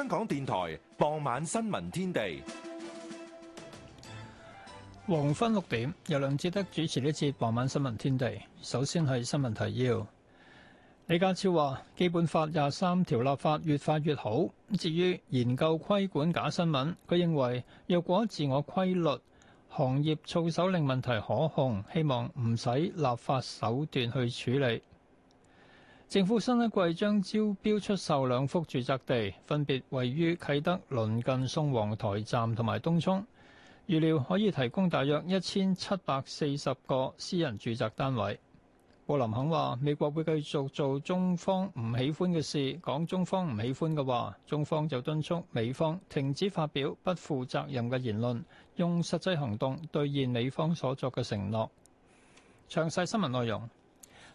香港電台傍晚新聞天地，黃昏六點由梁志德主持呢節傍晚新聞天地。首先係新聞提要。李家超話《基本法》廿三條立法越快越好。至於研究規管假新聞，佢認為若果自我規律、行業操守令問題可控，希望唔使立法手段去處理。政府新一季將招標出售兩幅住宅地，分別位於啟德、鄰近宋皇臺站同埋東涌，預料可以提供大約一千七百四十個私人住宅單位。布林肯話美國會繼續做中方唔喜歡嘅事，講中方唔喜歡嘅話，中方就敦促美方停止發表不負責任嘅言論，用實際行動兌現美方所作嘅承諾，詳細新聞內容。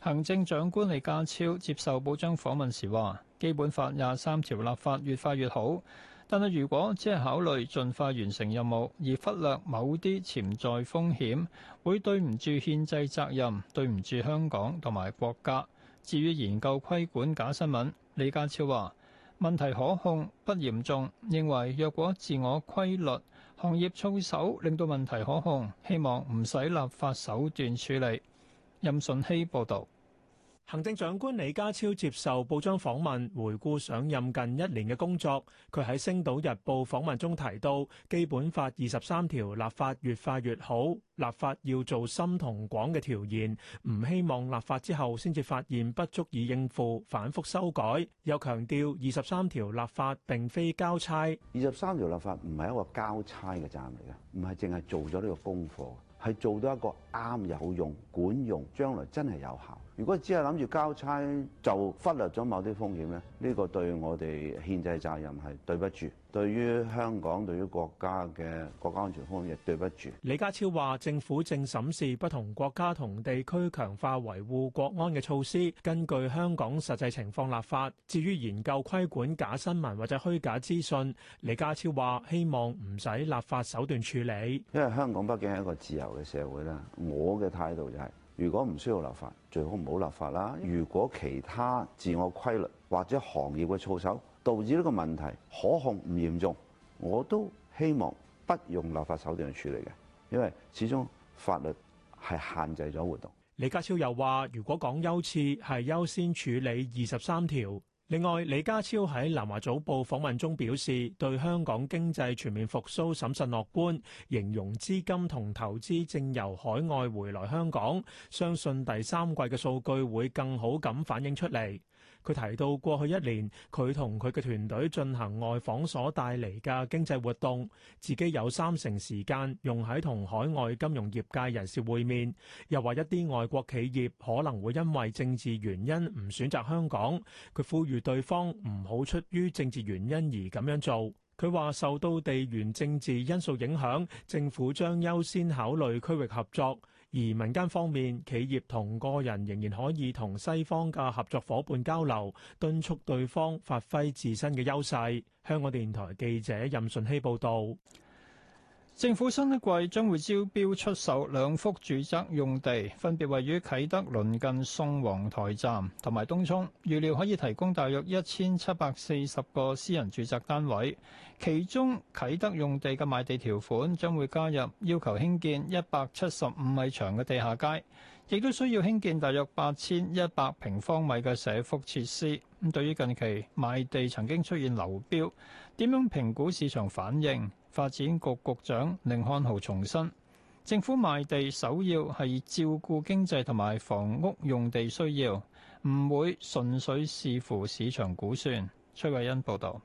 行政長官李家超接受報章訪問時話：基本法廿三條立法越快越好，但係如果只係考慮盡快完成任務而忽略某啲潛在風險，會對唔住憲制責任，對唔住香港同埋國家。至於研究規管假新聞，李家超話問題可控，不嚴重，認為若果自我規律、行業操守令到問題可控，希望唔使立法手段處理。任順希報導。行政長官李家超接受報章訪問，回顧上任近一年嘅工作。佢喺《星島日報》訪問中提到，《基本法》二十三條立法越快越好，立法要做深同廣嘅調研，唔希望立法之後先至發現不足以應付，反覆修改。又強調，《二十三條立法》並非交差，《二十三條立法》唔係一個交差嘅站嚟嘅，唔係淨係做咗呢個功課，係做到一個啱有用、管用，將來真係有效。如果只係諗住交差，就忽略咗某啲風險咧，呢個對我哋憲制責任係對不住，對於香港、對於國家嘅國家安全風險亦對不住。李家超話：政府正審視不同國家同地區強化維護國安嘅措施，根據香港實際情況立法。至於研究規管假新聞或者虛假資訊，李家超話：希望唔使立法手段處理。因為香港畢竟係一個自由嘅社會啦，我嘅態度就係。如果唔需要立法，最好唔好立法啦。如果其他自我規律或者行業嘅措手導致呢個問題可控唔嚴重，我都希望不用立法手段去處理嘅，因為始終法律係限制咗活動。李家超又話，如果講優次，係優先處理二十三條。另外，李家超喺南華早報訪問中表示，對香港經濟全面復甦，審慎樂觀，形容資金同投資正由海外回來香港，相信第三季嘅數據會更好咁反映出嚟。佢提到過去一年，佢同佢嘅團隊進行外訪所帶嚟嘅經濟活動，自己有三成時間用喺同海外金融業界人士會面。又話一啲外國企業可能會因為政治原因唔選擇香港。佢呼籲對方唔好出於政治原因而咁樣做。佢話受到地緣政治因素影響，政府將優先考慮區域合作。而民間方面，企業同個人仍然可以同西方嘅合作伙伴交流，敦促對方發揮自身嘅優勢。香港電台記者任順希報道。政府新一季將會招標出售兩幅住宅用地，分別位於啟德鄰近宋皇台站同埋東涌，預料可以提供大約一千七百四十個私人住宅單位。其中啟德用地嘅賣地條款將會加入要求興建一百七十五米長嘅地下街，亦都需要興建大約八千一百平方米嘅社福設施。咁對於近期賣地曾經出現流標，點樣評估市場反應？發展局局長甯漢豪重申，政府賣地首要係照顧經濟同埋房屋用地需要，唔會純粹視乎市場估算。崔慧恩報導。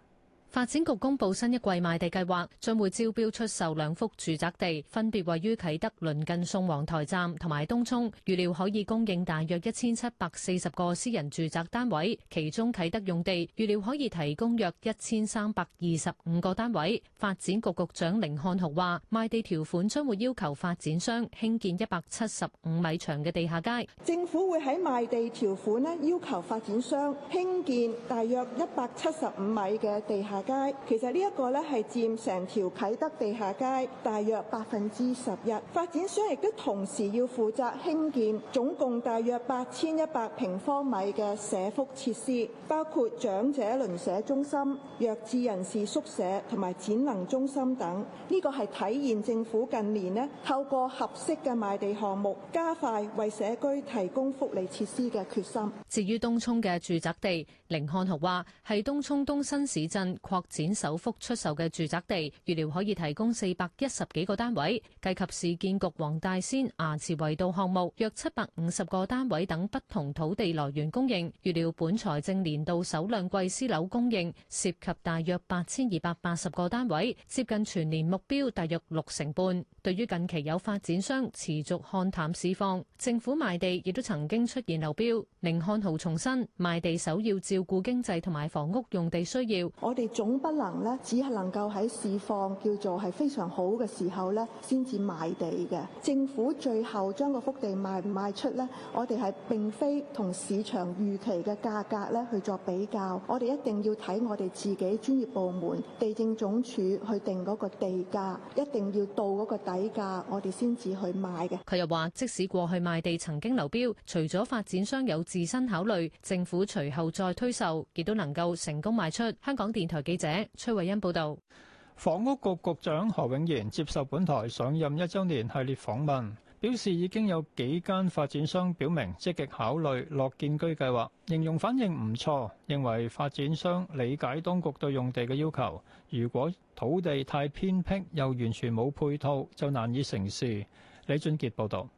發展局公布新一季賣地計劃，將會招標出售兩幅住宅地，分別位於啟德鄰近宋皇臺站同埋東涌，預料可以供應大約一千七百四十個私人住宅單位，其中啟德用地預料可以提供約一千三百二十五個單位。發展局局長凌漢豪話，賣地條款將會要求發展商興建一百七十五米長嘅地下街。政府會喺賣地條款呢要求發展商興建大約一百七十五米嘅地下。其實呢一個咧，係佔成條啟德地下街大約百分之十一。發展商亦都同時要負責興建總共大約八千一百平方米嘅社福設施，包括長者鄰舍中心、弱智人士宿舍同埋展能中心等。呢個係體現政府近年咧，透過合適嘅賣地項目，加快為社區提供福利設施嘅決心。至於東涌嘅住宅地，寧漢豪話係東涌東新市鎮擴展首幅出售嘅住宅地，預料可以提供四百一十幾個單位；計及市建局黃大仙衙前圍道項目約七百五十個單位等不同土地來源供應，預料本財政年度首兩季私樓供應涉及大約八千二百八十個單位，接近全年目標大約六成半。對於近期有發展商持續看淡市況，政府賣地亦都曾經出現流標，寧漢豪重申賣地首要照顧經濟同埋房屋用地需要。我哋。總不能呢只係能夠喺市況叫做係非常好嘅時候咧，先至賣地嘅。政府最後將個幅地賣唔賣出咧，我哋係並非同市場預期嘅價格咧去作比較，我哋一定要睇我哋自己專業部門地政總署去定嗰個地價，一定要到嗰個底價，我哋先至去賣嘅。佢又話即使過去賣地曾經流標，除咗發展商有自身考慮，政府隨後再推售，亦都能夠成功賣出。香港電台嘅記者崔慧欣報道，房屋局，局局長何永賢接受本台上任一週年系列訪問，表示已經有幾間發展商表明積極考慮樂建居計劃，形容反應唔錯，認為發展商理解當局對用地嘅要求。如果土地太偏僻又完全冇配套，就難以成事。李俊杰報道。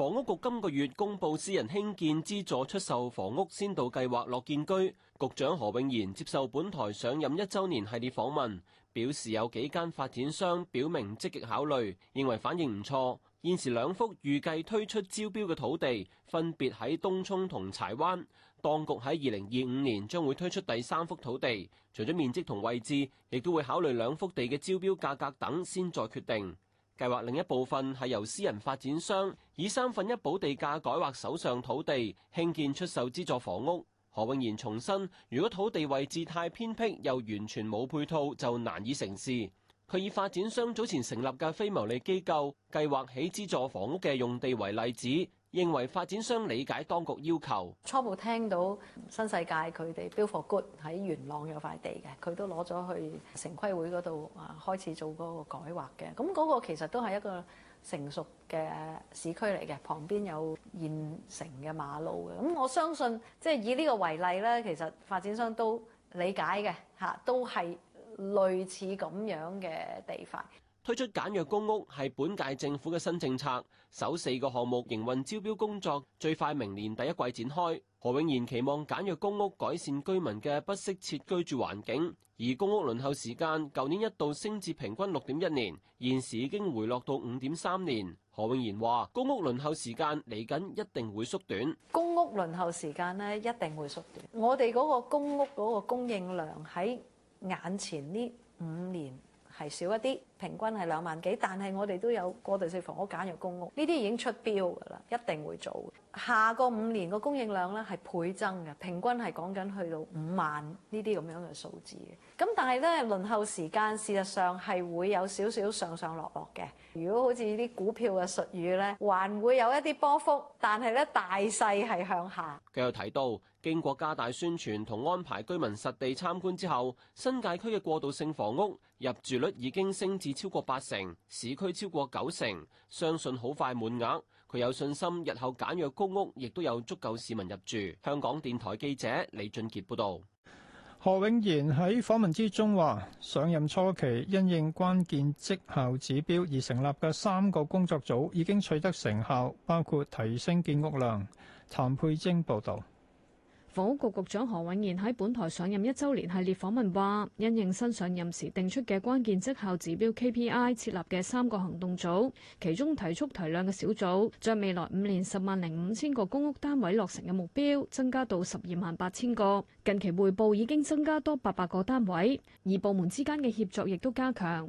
房屋局今個月公布私人興建資助出售房屋先導計劃《樂建居》，局長何永賢接受本台上任一週年系列訪問，表示有幾間發展商表明積極考慮，認為反應唔錯。現時兩幅預計推出招標嘅土地，分別喺東涌同柴灣，當局喺二零二五年將會推出第三幅土地，除咗面積同位置，亦都會考慮兩幅地嘅招標價格等先再決定。計劃另一部分係由私人發展商以三分一補地價改劃手上土地，興建出售資助房屋。何永賢重申，如果土地位置太偏僻，又完全冇配套，就難以成事。佢以發展商早前成立嘅非牟利機構計劃起資助房屋嘅用地為例子。認為發展商理解當局要求。初步聽到新世界佢哋 Build for Good 喺元朗有塊地嘅，佢都攞咗去城規會嗰度啊，開始做嗰個改劃嘅。咁嗰個其實都係一個成熟嘅市區嚟嘅，旁邊有現成嘅馬路嘅。咁我相信即係以呢個為例咧，其實發展商都理解嘅嚇，都係類似咁樣嘅地塊。推出簡約公屋係本屆政府嘅新政策，首四個項目營運招標工作最快明年第一季展開。何永賢期望簡約公屋改善居民嘅不適切居住環境，而公屋輪候時間舊年一度升至平均六點一年，現時已經回落到五點三年。何永賢話：公屋輪候時間嚟緊一定會縮短，公屋輪候時間呢一定會縮短。我哋嗰個公屋嗰個供應量喺眼前呢五年係少一啲。平均係兩萬幾，但係我哋都有過渡性房屋簡約公屋，呢啲已經出標㗎啦，一定會做。下個五年個供應量咧係倍增嘅，平均係講緊去到五萬呢啲咁樣嘅數字嘅。咁但係咧輪候時間事實上係會有少少上上落落嘅。如果好似啲股票嘅術語呢，還會有一啲波幅，但係咧大勢係向下。佢又提到，經過加大宣傳同安排居民實地參觀之後，新界區嘅過渡性房屋入住率已經升至。超過八成，市區超過九成，相信好快滿額。佢有信心日後簡約公屋亦都有足夠市民入住。香港電台記者李俊杰報道。何永賢喺訪問之中話，上任初期因應關鍵績效指標而成立嘅三個工作組已經取得成效，包括提升建屋量。譚佩貞報道。房屋局局長何永賢喺本台上任一周年系列訪問話，因應新上任時定出嘅關鍵績效指標 KPI，設立嘅三個行動組，其中提速提量嘅小組，將未來五年十萬零五千個公屋單位落成嘅目標，增加到十二萬八千個。近期匯報已經增加多八百個單位，而部門之間嘅協作亦都加強。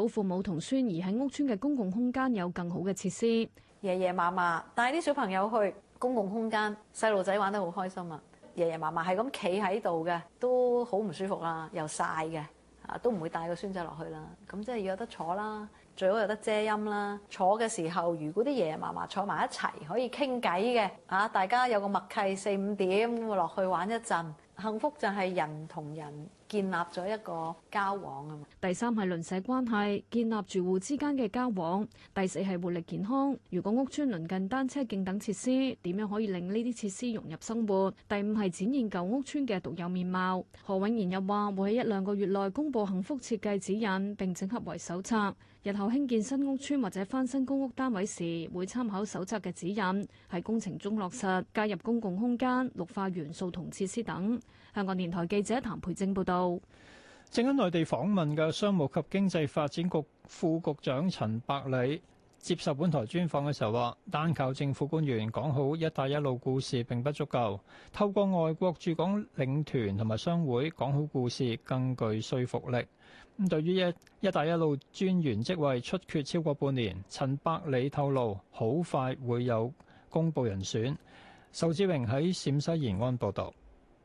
老父母同孫兒喺屋村嘅公共空間有更好嘅設施，爺爺嫲嫲帶啲小朋友去公共空間，細路仔玩得好開心啊！爺爺嫲嫲係咁企喺度嘅，都好唔舒服啦，啊，又曬嘅，啊都唔會帶個孫仔落去啦。咁即係要有得坐啦，最好有得遮陰啦。坐嘅時候，如果啲爺爺嫲嫲坐埋一齊，可以傾偈嘅，啊大家有個默契四五點咁落去玩一陣，幸福就係人同人，建立咗一個交往啊。第三係鄰舍關係，建立住戶之間嘅交往。第四係活力健康。如果屋村鄰近單車徑等設施，點樣可以令呢啲設施融入生活？第五係展現舊屋村嘅獨有面貌。何永賢又話會喺一兩個月內公佈幸福設計指引，並整合為手冊。日後興建新屋邨或者翻新公屋單位時，會參考手冊嘅指引，喺工程中落實加入公共空間、綠化元素同設施等。香港電台記者譚培正報導。正喺內地訪問嘅商務及經濟發展局副局長陳百里接受本台專訪嘅時候話，單靠政府官員講好一帶一路故事並不足夠，透過外國駐港領團同埋商會講好故事更具說服力。咁對於一一帶一路專員職位出缺超過半年，陳百里透露好快會有公佈人選。仇志榮喺陝西延安報導。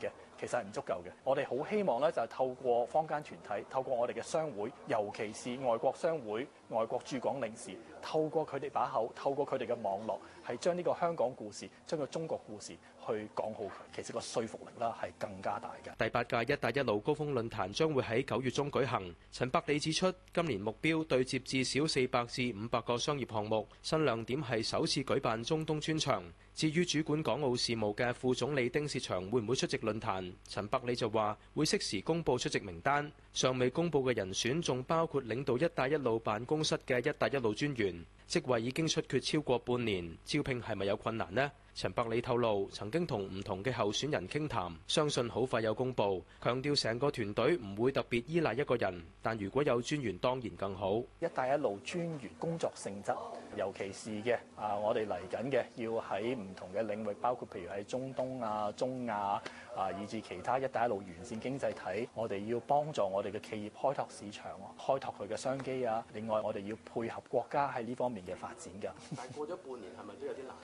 嘅其實係唔足夠嘅，我哋好希望咧就係、是、透過坊間團體，透過我哋嘅商會，尤其是外國商會。外國駐港領事透過佢哋把口，透過佢哋嘅網絡，係將呢個香港故事、將個中國故事去講好，其實個說服力啦係更加大嘅。第八屆一帶一路高峰論壇將會喺九月中舉行。陳百里指出，今年目標對接至少四百至五百個商業項目。新亮點係首次舉辦中東專場。至於主管港澳事務嘅副總理丁薛祥會唔會出席論壇？陳百里就話會適時公佈出席名單。尚未公布，嘅人選，仲包括領導一帶一路辦公室嘅一帶一路專員，職位已經出缺超過半年，招聘係咪有困難呢？陳百里透露曾經同唔同嘅候選人傾談，相信好快有公佈。強調成個團隊唔會特別依賴一個人，但如果有專員當然更好。一帶一路專員工作性質，尤其是嘅啊，我哋嚟緊嘅要喺唔同嘅領域，包括譬如喺中東啊、中亞啊，啊以至其他一帶一路完善經濟體，我哋要幫助我哋嘅企業開拓市場，開拓佢嘅商機啊。另外，我哋要配合國家喺呢方面嘅發展㗎。但過咗半年，係咪 都有啲難？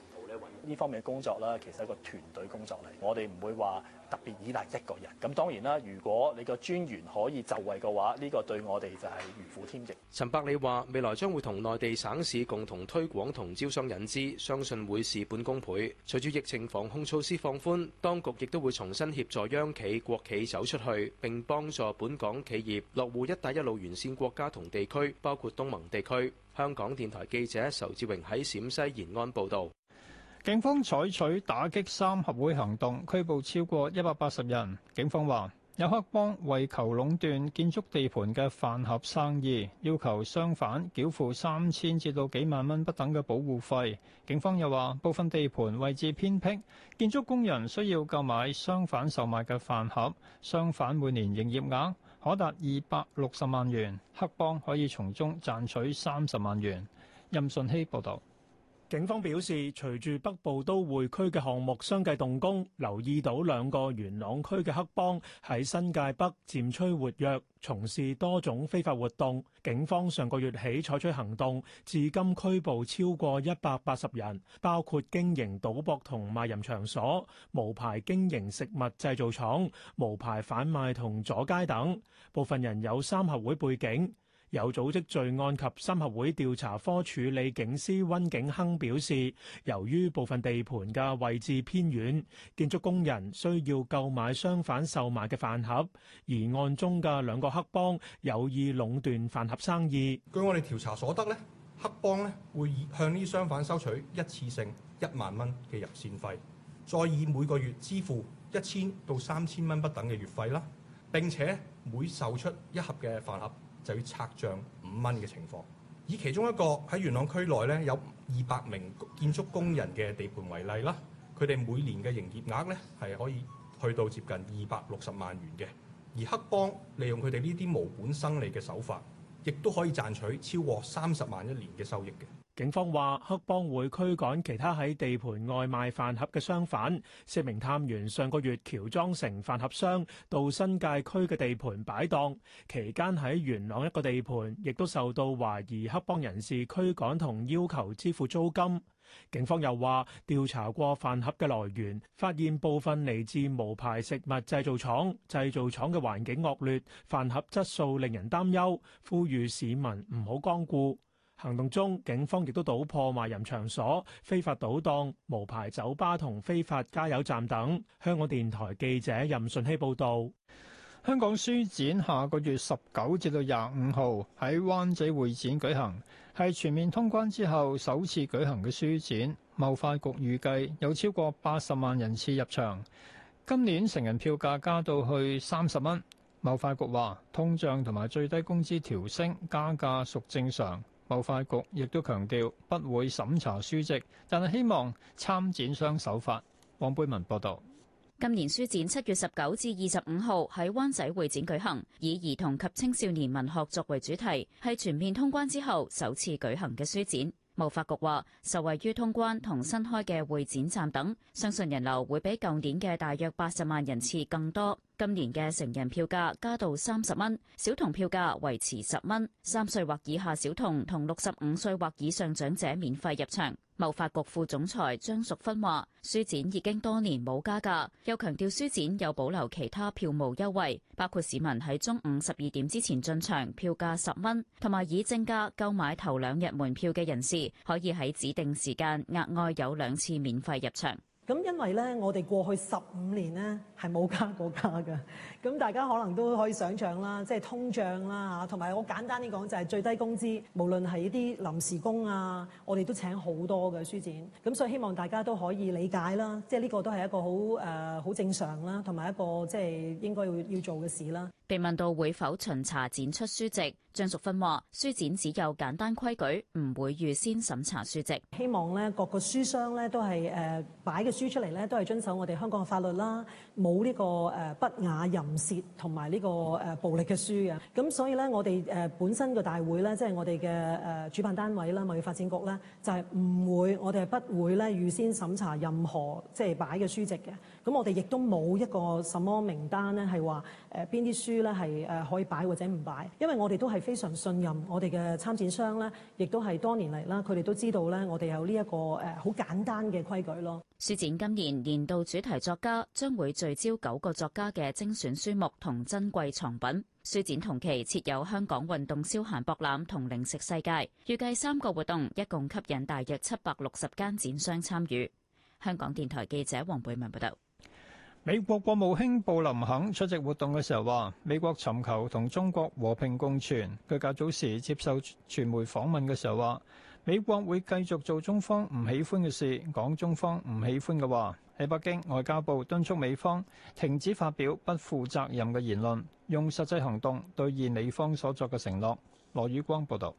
呢方面嘅工作啦，其實係一個團隊工作嚟，我哋唔會話特別依賴一個人。咁當然啦，如果你個專員可以就位嘅話，呢個對我哋就係如虎添翼。陳百里話未來將會同內地省市共同推廣同招商引資，相信會事半功倍。隨住疫情防控措施放寬，當局亦都會重新協助央企、國企走出去，並幫助本港企業落戶一帶一路沿線國家同地區，包括東盟地區。香港電台記者仇志榮喺陝西延安報道。警方採取打擊三合會行動，拘捕超過一百八十人。警方話：有黑幫為求壟斷建築地盤嘅飯盒生意，要求商販繳付三千至到幾萬蚊不等嘅保護費。警方又話：部分地盤位置偏僻，建築工人需要購買商販售賣嘅飯盒，商販每年營業額可達二百六十萬元，黑幫可以從中賺取三十萬元。任順希報道。警方表示，隨住北部都會區嘅項目相繼動工，留意到兩個元朗區嘅黑幫喺新界北漸趨活躍，從事多種非法活動，警方上個月起採取行動至今拘捕超過一百八十人，包括經營賭博同賣淫場所、無牌經營食物製造廠，無牌販賣同阻街等。部分人有三合會背景。有組織罪案及三合會調查科處理警司温景亨表示，由於部分地盤嘅位置偏遠，建築工人需要購買商販售賣嘅飯盒，而案中嘅兩個黑幫有意壟斷飯盒生意。據我哋調查所得呢，黑幫咧會向呢啲商販收取一次性一萬蚊嘅入線費，再以每個月支付一千到三千蚊不等嘅月費啦，並且每售出一盒嘅飯盒，就要拆賬五蚊嘅情況，以其中一個喺元朗區內咧有二百名建築工人嘅地盤為例啦，佢哋每年嘅營業額咧係可以去到接近二百六十萬元嘅，而黑幫利用佢哋呢啲無本生利嘅手法，亦都可以賺取超過三十萬一年嘅收益嘅。警方話黑幫會驅趕其他喺地盤外賣飯盒嘅商販。四名探員上個月喬裝成飯盒商到新界區嘅地盤擺檔，期間喺元朗一個地盤亦都受到懷疑黑幫人士驅趕同要求支付租金。警方又話調查過飯盒嘅來源，發現部分嚟自無牌食物製造廠，製造廠嘅環境惡劣，飯盒質素令人擔憂，呼籲市民唔好光顧。行動中，警方亦都搗破賣淫場所、非法賭檔、無牌酒吧同非法加油站等。香港電台記者任順希報導。香港書展下個月十九至到廿五號喺灣仔會展舉行，係全面通關之後首次舉行嘅書展。貿發局預計有超過八十萬人次入場。今年成人票價加到去三十蚊。貿發局話，通脹同埋最低工資調升加價屬正常。貿發局亦都強調不會審查書籍，但係希望參展商守法。黃貝文報道，今年書展七月十九至二十五號喺灣仔會展舉行，以兒童及青少年文學作為主題，係全面通關之後首次舉行嘅書展。貿發局話，受惠於通關同新開嘅會展站等，相信人流會比舊年嘅大約八十萬人次更多。今年嘅成人票價加到三十蚊，小童票價維持十蚊，三歲或以下小童同六十五歲或以上長者免費入場。貿發局副總裁張淑芬話，書展已經多年冇加價，又強調書展有保留其他票務優惠，包括市民喺中午十二點之前進場票價十蚊，同埋以正價購買頭兩日門票嘅人士，可以喺指定時間額外有兩次免費入場。咁因為咧，我哋過去十五年咧係冇加過價㗎，咁大家可能都可以想象啦，即係通脹啦同埋我簡單啲講就係最低工資，無論係啲臨時工啊，我哋都請好多嘅書展，咁所以希望大家都可以理解啦，即係呢個都係一個好誒好正常啦，同埋一個即係應該要要做嘅事啦。被問到會否巡查展出書籍，張淑芬話：書展只有簡單規矩，唔會預先審查書籍。希望咧各個書商咧都係誒、呃、擺嘅書出嚟咧都係遵守我哋香港嘅法律啦，冇呢、這個誒、呃、不雅、淫褻同埋呢個誒、呃、暴力嘅書嘅。咁所以咧，我哋誒本身嘅大會咧，即、就、係、是、我哋嘅誒主辦單位啦、貿易發展局啦，就係、是、唔會，我哋係不會咧預先審查任何即係擺嘅書籍嘅。咁我哋亦都冇一個什麼名單呢，係話誒邊啲書呢係誒可以擺或者唔擺，因為我哋都係非常信任我哋嘅參展商咧，亦都係多年嚟啦，佢哋都知道咧，我哋有呢一個誒好簡單嘅規矩咯。書展今年年度主題作家將會聚焦九個作家嘅精選書目同珍貴藏品。書展同期設有香港運動消閒博覽同零食世界，預計三個活動一共吸引大約七百六十間展商參與。香港電台記者黃貝文報道。美國國務卿布林肯出席活動嘅時候話：美國尋求同中國和平共存。佢較早時接受傳媒訪問嘅時候話：美國會繼續做中方唔喜歡嘅事，講中方唔喜歡嘅話。喺北京外交部敦促美方停止發表不負責任嘅言論，用實際行動兌現美方所作嘅承諾。羅宇光報道。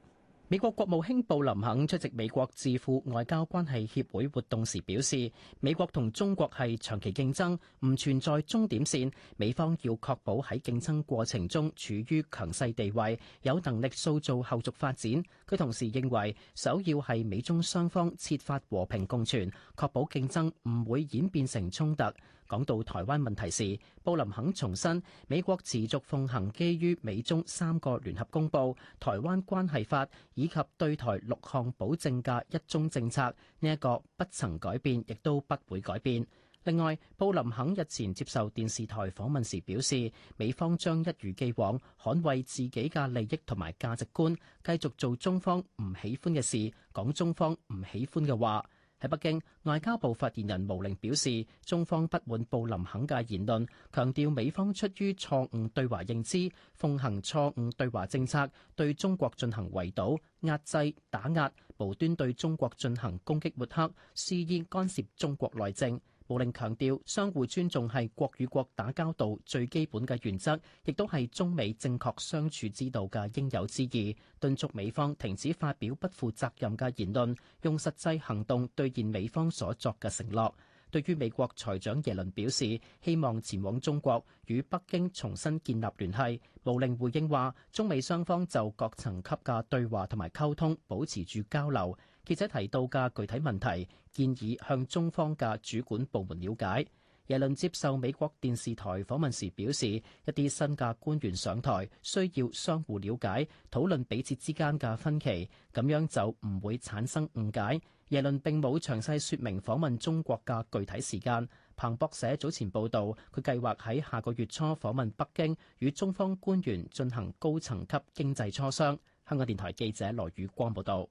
美國國務卿布林肯出席美國智庫外交關係協會活動時表示，美國同中國係長期競爭，唔存在終點線。美方要確保喺競爭過程中處於強勢地位，有能力塑造後續發展。佢同時認為，首要係美中雙方設法和平共存，確保競爭唔會演變成衝突。講到台灣問題時，布林肯重申美國持續奉行基於美中三個聯合公佈、台灣關係法以及對台六項保證嘅一中政策，呢一個不曾改變，亦都不會改變。另外，布林肯日前接受電視台訪問時表示，美方將一如既往，捍衛自己嘅利益同埋價值觀，繼續做中方唔喜歡嘅事，講中方唔喜歡嘅話。喺北京，外交部發言人毛寧表示，中方不滿布林肯嘅言論，強調美方出於錯誤對華認知，奉行錯誤對華政策，對中國進行圍堵、壓制、打壓，無端對中國進行攻擊抹黑，肆意干涉中國內政。毛寧強調，相互尊重係國與國打交道最基本嘅原則，亦都係中美正確相處之道嘅應有之義。敦促美方停止發表不負責任嘅言論，用實際行動兌現美方所作嘅承諾。對於美國財長耶倫表示希望前往中國，與北京重新建立聯繫，毛寧回應話，中美雙方就各層級嘅對話同埋溝通保持住交流。記者提到嘅具體問題，建議向中方嘅主管部門了解。耶倫接受美國電視台訪問時表示，一啲新嘅官員上台需要相互了解，討論彼此之間嘅分歧，咁樣就唔會產生誤解。耶倫並冇詳細説明訪問中國嘅具體時間。彭博社早前報導，佢計劃喺下個月初訪問北京，與中方官員進行高層級經濟磋商。香港電台記者羅宇光報道。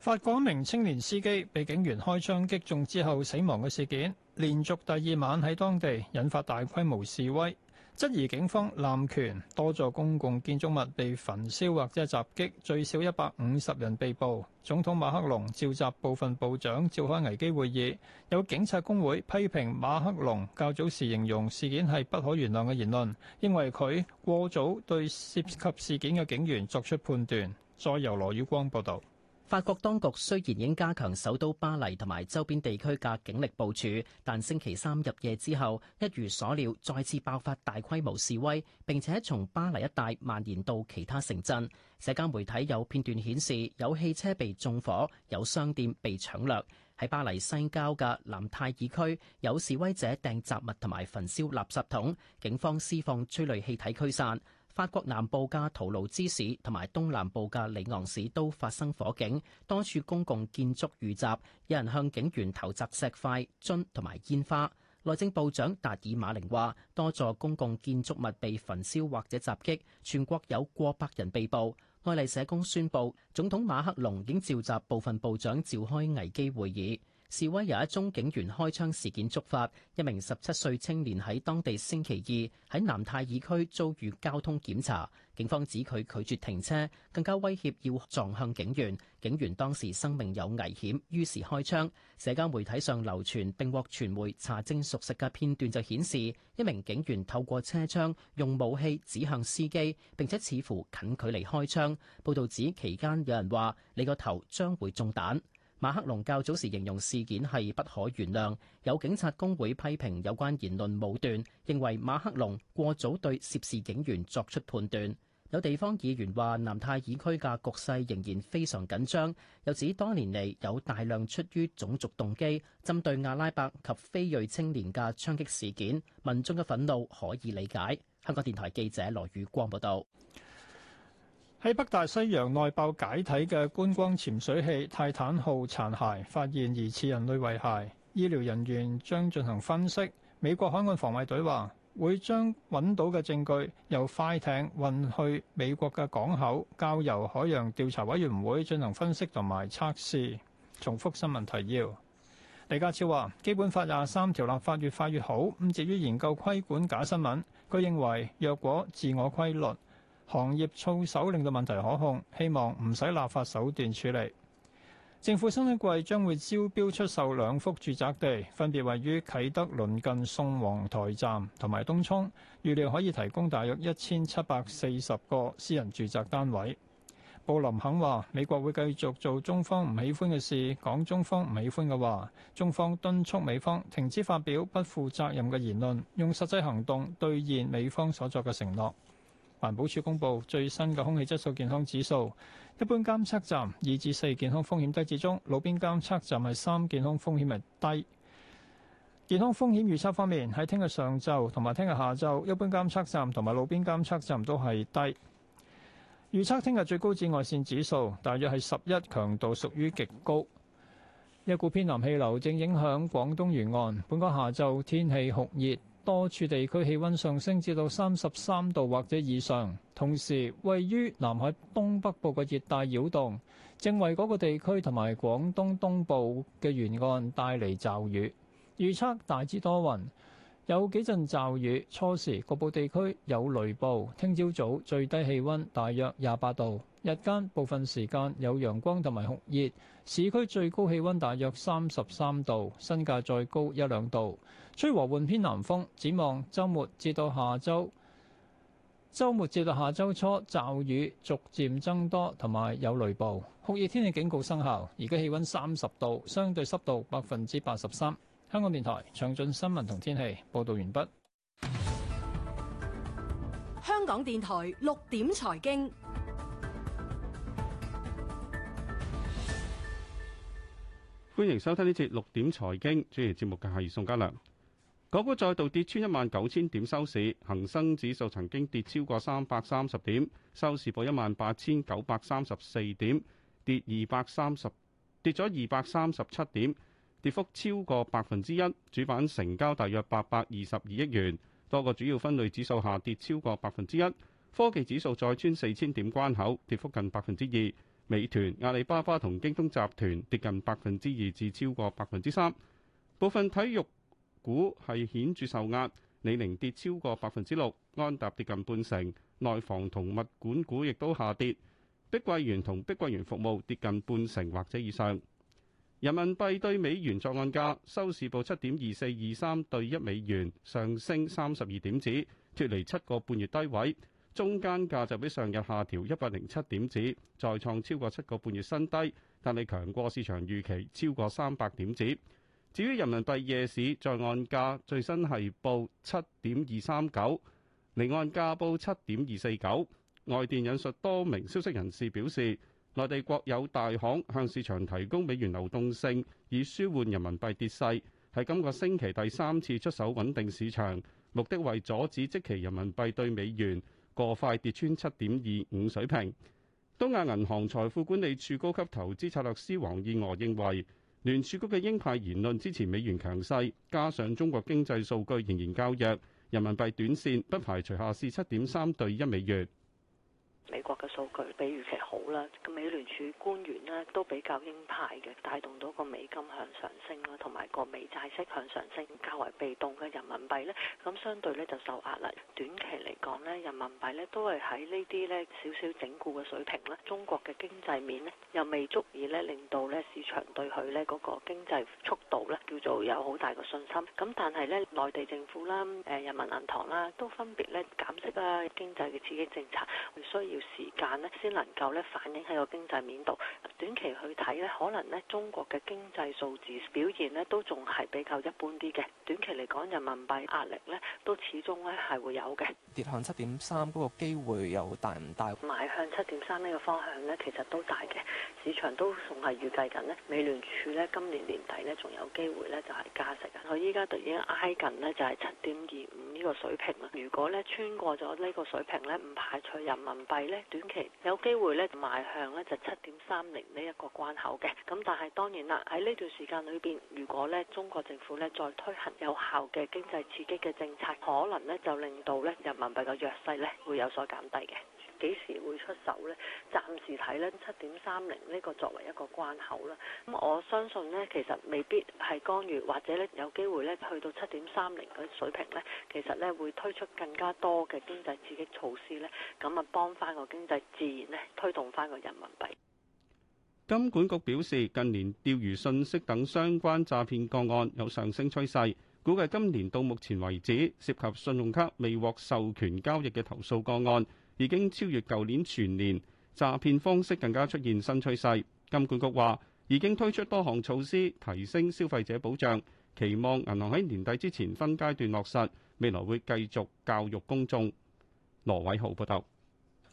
法國一名青年司機被警員開槍擊中之後死亡嘅事件，連續第二晚喺當地引發大規模示威，質疑警方濫權，多座公共建築物被焚燒或者襲擊，最少一百五十人被捕。總統馬克龍召集部分部長召開危機會議，有警察工會批評馬克龍較早時形容事件係不可原諒嘅言論，認為佢過早對涉及事件嘅警員作出判斷，再由羅宇光報道。法國當局雖然已經加強首都巴黎同埋周邊地區嘅警力部署，但星期三入夜之後，一如所料，再次爆發大規模示威，並且從巴黎一帶蔓延到其他城鎮。社交媒體有片段顯示，有汽車被縱火，有商店被搶掠。喺巴黎西郊嘅南泰爾區，有示威者掟雜物同埋焚燒垃圾桶，警方施放催淚氣體驅散。法國南部嘅圖盧茲市同埋東南部嘅里昂市都發生火警，多處公共建築遇襲，有人向警員投擲石塊、樽同埋煙花。內政部長達爾馬寧話：多座公共建築物被焚燒或者襲擊，全國有過百人被捕。愛麗舍宮宣布，總統馬克龍已經召集部分部長召開危機會議。示威有一宗警員開槍事件觸發，一名十七歲青年喺當地星期二喺南泰爾區遭遇交通檢查，警方指佢拒絕停車，更加威脅要撞向警員，警員當時生命有危險，於是開槍。社交媒體上流傳並獲傳媒查證屬實嘅片段就顯示，一名警員透過車窗用武器指向司機，並且似乎近距離開槍。報道指期間有人話，你個頭將會中彈。馬克龍較早時形容事件係不可原諒，有警察工會批評有關言論武斷，認為馬克龍過早對涉事警員作出判斷。有地方議員話南泰爾區嘅局勢仍然非常緊張，又指多年嚟有大量出於種族動機針對阿拉伯及非裔青年嘅槍擊事件，民眾嘅憤怒可以理解。香港電台記者羅宇光報道。喺北大西洋內爆解體嘅觀光潛水器泰坦號殘骸，發現疑似人類遺骸，醫療人員將進行分析。美國海岸防衞隊話會將揾到嘅證據由快艇運去美國嘅港口，交由海洋調查委員會進行分析同埋測試。重複新聞提要。李家超話：基本法廿三條立法越快越好，咁至於研究規管假新聞，佢認為若果自我規律，行業操守令到問題可控，希望唔使立法手段處理。政府新一季將會招標出售兩幅住宅地，分別位於啟德鄰近、宋皇台站同埋東涌，預料可以提供大約一千七百四十個私人住宅單位。布林肯話：美國會繼續做中方唔喜歡嘅事，講中方唔喜歡嘅話，中方敦促美方停止發表不負責任嘅言論，用實際行動兌現美方所作嘅承諾。環保署公布最新嘅空氣質素健康指數，一般監測站，二至四，健康風險低至中，路邊監測站係三，健康風險係低。健康風險預測方面，喺聽日上晝同埋聽日下晝，一般監測站同埋路邊監測站都係低。預測聽日最高紫外線指數大約係十一，強度屬於極高。一股偏南氣流正影響廣東沿岸，本港下晝天氣酷熱。多處地區氣温上升至到三十三度或者以上，同時位於南海東北部嘅熱帶擾動，正為嗰個地區同埋廣東東部嘅沿岸帶嚟驟雨。預測大致多雲，有幾陣驟雨，初時局部地區有雷暴。聽朝早最低氣温大約廿八度。日間部分時間有陽光同埋酷熱，市區最高氣温大約三十三度，身價再高一兩度，吹和緩偏南風。展望周末至到下周，周末至到下周初驟雨逐漸增多，同埋有雷暴。酷熱天氣警告生效。而家氣温三十度，相對濕度百分之八十三。香港電台詳盡新聞同天氣報道完畢。香港電台六點財經。歡迎收聽呢節六點財經主持節目嘅係宋家良。港股再度跌穿一萬九千點收市，恒生指數曾經跌超過三百三十點，收市報一萬八千九百三十四點，跌二百三十跌咗二百三十七點，跌幅超過百分之一。主板成交大約八百二十二億元，多個主要分類指數下跌超過百分之一。科技指數再穿四千點關口，跌幅近百分之二。美團、阿里巴巴同京東集團跌近百分之二至超過百分之三，部分體育股係顯著受壓，李寧跌超過百分之六，安踏跌近半成，內房同物管股亦都下跌，碧桂園同碧桂園服務跌近半成或者以上。人民幣對美元作案價收市報七點二四二三對一美元，上升三十二點子，脫離七個半月低位。中間價就比上日下調一百零七點子，再創超過七個半月新低，但係強過市場預期超過三百點子。至於人民幣夜市在岸價最新係報七點二三九，離岸價報七點二四九。外電引述多名消息人士表示，內地國有大行向市場提供美元流動性，以舒緩人民幣跌勢，係今個星期第三次出手穩定市場，目的為阻止即期人民幣對美元過快跌穿七點二五水平。東亞銀行財富管理處高級投資策略師黃義娥認為，聯儲局嘅鷹派言論支持美元強勢，加上中國經濟數據仍然較弱，人民幣短線不排除下試七點三兌一美元。美國嘅數據比預期好啦，咁，美聯儲官員呢都比較鷹派嘅，帶動到個美金向上升啦，同埋個美債息向上升，較為被動嘅人民幣呢，咁相對呢就受壓啦。短期嚟講呢，人民幣呢都係喺呢啲呢少少整固嘅水平啦。中國嘅經濟面呢又未足以呢令到呢市場對佢呢嗰個經濟速度呢叫做有好大嘅信心。咁但係呢內地政府啦、誒人民銀行啦，都分別呢減息啊、經濟嘅刺激政策，需要時間咧，先能夠咧反映喺個經濟面度。短期去睇咧，可能咧中國嘅經濟數字表現咧都仲係比較一般啲嘅。短期嚟講，人民幣壓力咧都始終咧係會有嘅。跌向七點三嗰個機會又大唔大？邁向七點三呢個方向呢，其實都大嘅。市場都仲係預計緊呢美聯儲咧今年年底呢仲有機會呢，就係加息。佢依家都已經挨近呢，就係七點二五。呢個水平啦，如果咧穿過咗呢個水平咧，唔排除人民幣咧短期有機會咧邁向咧就七點三零呢一個關口嘅。咁但係當然啦，喺呢段時間裏邊，如果咧中國政府咧再推行有效嘅經濟刺激嘅政策，可能咧就令到咧人民幣嘅弱勢咧會有所減低嘅。幾時會出手呢？暫時睇呢，七點三零呢個作為一個關口啦。咁我相信呢，其實未必係干預，或者呢，有機會呢，去到七點三零嘅水平呢，其實呢，會推出更加多嘅經濟刺激措施呢。咁啊幫翻個經濟，自然呢，推動翻個人民幣。金管局表示，近年釣魚信息等相關詐騙個案有上升趨勢，估計今年到目前為止，涉及信用卡未獲授權交易嘅投訴個案。已經超越舊年全年，詐騙方式更加出現新趨勢。金管局話已經推出多項措施提升消費者保障，期望銀行喺年底之前分階段落實，未來會繼續教育公眾。羅偉豪報導。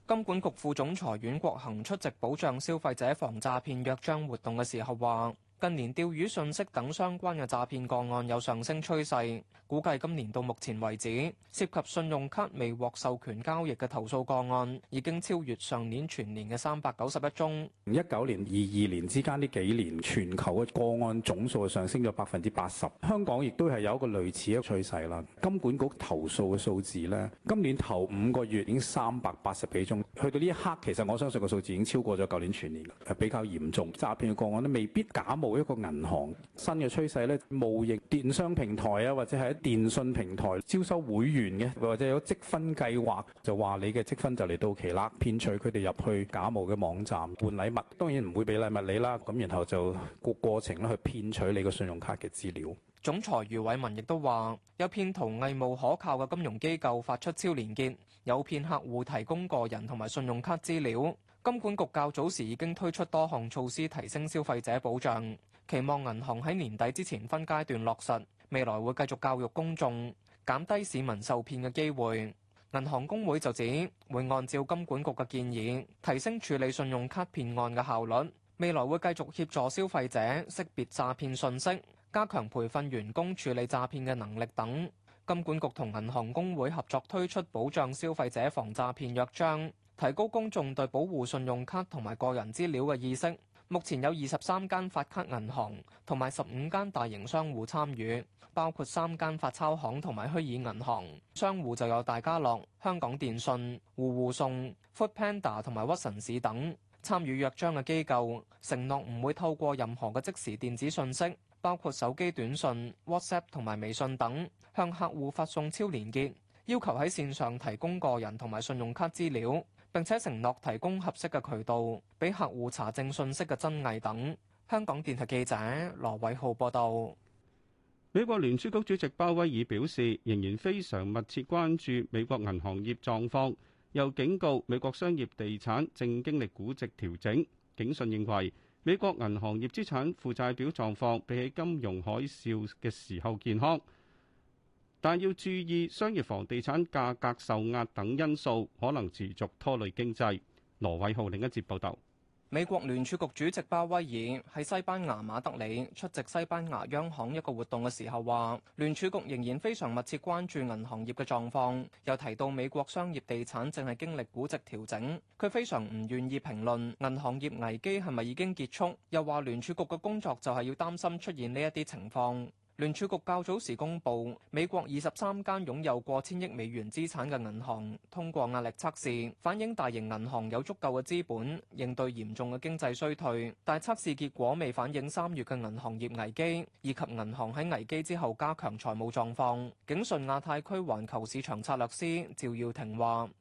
金管局副總裁阮國恒出席保障消費者防詐騙約章活動嘅時候話。近年釣魚信息等相關嘅詐騙個案有上升趨勢，估計今年到目前為止，涉及信用卡未獲授權交易嘅投訴個案已經超越上年全年嘅三百九十一宗。一九年二二年之間呢幾年，全球嘅個案總數上升咗百分之八十，香港亦都係有一個類似嘅個趨勢啦。金管局投訴嘅數字呢，今年頭五個月已經三百八十幾宗。去到呢一刻，其實我相信個數字已經超過咗舊年全年，比較嚴重。詐騙嘅個案呢，未必假冒一個銀行。新嘅趨勢呢，冒認電商平台啊，或者係喺電信平台招收會員嘅，或者有積分計劃，就話你嘅積分就嚟到期啦，騙取佢哋入去假冒嘅網站換禮物，當然唔會俾禮物你啦。咁然後就個過程咧去騙取你個信用卡嘅資料。總裁余偉文亦都話有騙徒偽冒可靠嘅金融機構發出超連結誘騙客戶提供個人同埋信用卡資料。金管局較早時已經推出多項措施提升消費者保障，期望銀行喺年底之前分階段落實，未來會繼續教育公眾減低市民受騙嘅機會，銀行公會就指會按照金管局嘅建議提升處理信用卡騙案嘅效率。未來會繼續協助消費者識別詐騙信息。加強培訓員工處理詐騙嘅能力等。金管局同銀行公會合作推出保障消費者防詐騙約章，提高公眾對保護信用卡同埋個人資料嘅意識。目前有二十三間發卡銀行同埋十五間大型商戶參與，包括三間發鈔行同埋虛擬銀行。商戶就有大家樂、香港電訊、戶戶送、Foodpanda 同埋屈臣氏等參與約章嘅機構，承諾唔會透過任何嘅即時電子信息。包括手機短信、WhatsApp 同埋微信等，向客戶發送超連結，要求喺線上提供個人同埋信用卡資料，並且承諾提供合適嘅渠道俾客戶查證信息嘅真偽等。香港電台記者羅偉浩報道。美國聯儲局主席鮑威爾表示，仍然非常密切關注美國銀行業狀況，又警告美國商業地產正經歷估值調整。警訊認為。美國銀行業資產負債表狀況比起金融海嘯嘅時候健康，但要注意商業房地產價格受壓等因素可能持續拖累經濟。羅偉浩另一節報道。美國聯儲局主席鮑威爾喺西班牙馬德里出席西班牙央行一個活動嘅時候話，聯儲局仍然非常密切關注銀行業嘅狀況，又提到美國商業地產正係經歷估值調整。佢非常唔願意評論銀行業危機係咪已經結束，又話聯儲局嘅工作就係要擔心出現呢一啲情況。聯儲局較早時公布，美國二十三間擁有過千億美元資產嘅銀行通過壓力測試，反映大型銀行有足夠嘅資本應對嚴重嘅經濟衰退。但係測試結果未反映三月嘅銀行業危機，以及銀行喺危機之後加強財務狀況。景順亞太區環球市場策略師趙耀廷話。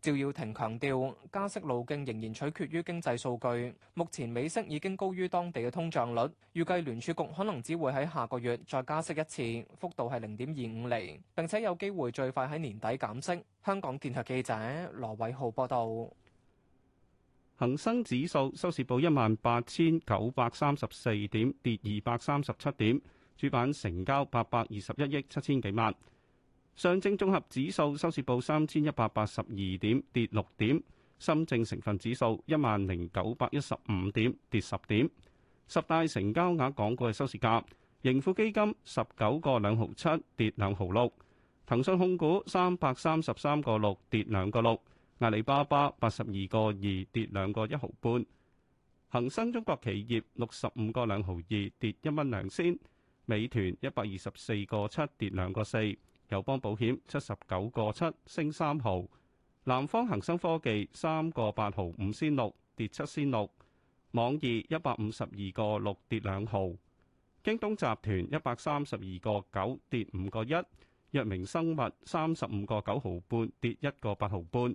趙耀廷強調，加息路徑仍然取決於經濟數據。目前美息已經高於當地嘅通脹率，預計聯儲局可能只會喺下個月再加息一次，幅度係零點二五厘，並且有機會最快喺年底減息。香港電台記者羅偉浩報道。恒生指數收市報一萬八千九百三十四點，跌二百三十七點，主板成交八百二十一億七千幾萬。上證綜合指數收市報三千一百八十二點，跌六點；深證成分指數一萬零九百一十五點，跌十點。十大成交額港股嘅收市價：盈富基金十九個兩毫七，跌兩毫六；騰訊控股三百三十三個六，跌兩個六；阿里巴巴八十二個二，跌兩個一毫半；恒生中國企業六十五個兩毫二，跌一蚊兩仙；美團一百二十四個七，跌兩個四。友邦保險七十九個七升三毫，南方恒生科技三個八毫五先六跌七先六，網易一百五十二個六跌兩毫，京東集團一百三十二個九跌五個一，藥明生物三十五個九毫半跌一個八毫半。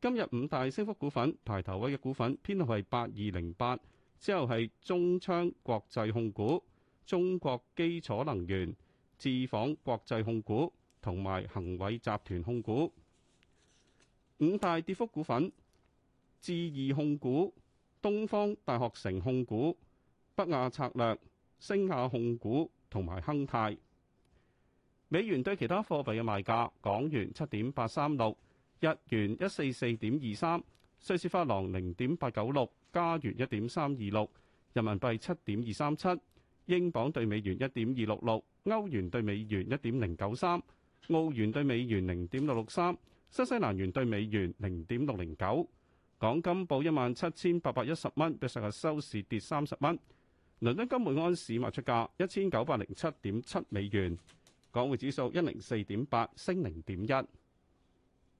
今日五大升幅股份，排頭位嘅股份編號係八二零八，之後係中昌國際控股、中國基礎能源。智訪國際控股同埋恒偉集團控股。五大跌幅股份：智易控股、東方大學城控股、北亞策略、星亞控股同埋亨泰。美元對其他貨幣嘅賣價：港元七點八三六，日元一四四點二三，瑞士法郎零點八九六，加元一點三二六，人民幣七點二三七，英鎊對美元一點二六六。歐元對美元一點零九三，澳元對美元零點六六三，新西蘭元對美元零點六零九，港金報一萬七千八百一十蚊，比上日收市跌三十蚊。倫敦金每安士賣出價一千九百零七點七美元，港匯指數一零四點八升零點一。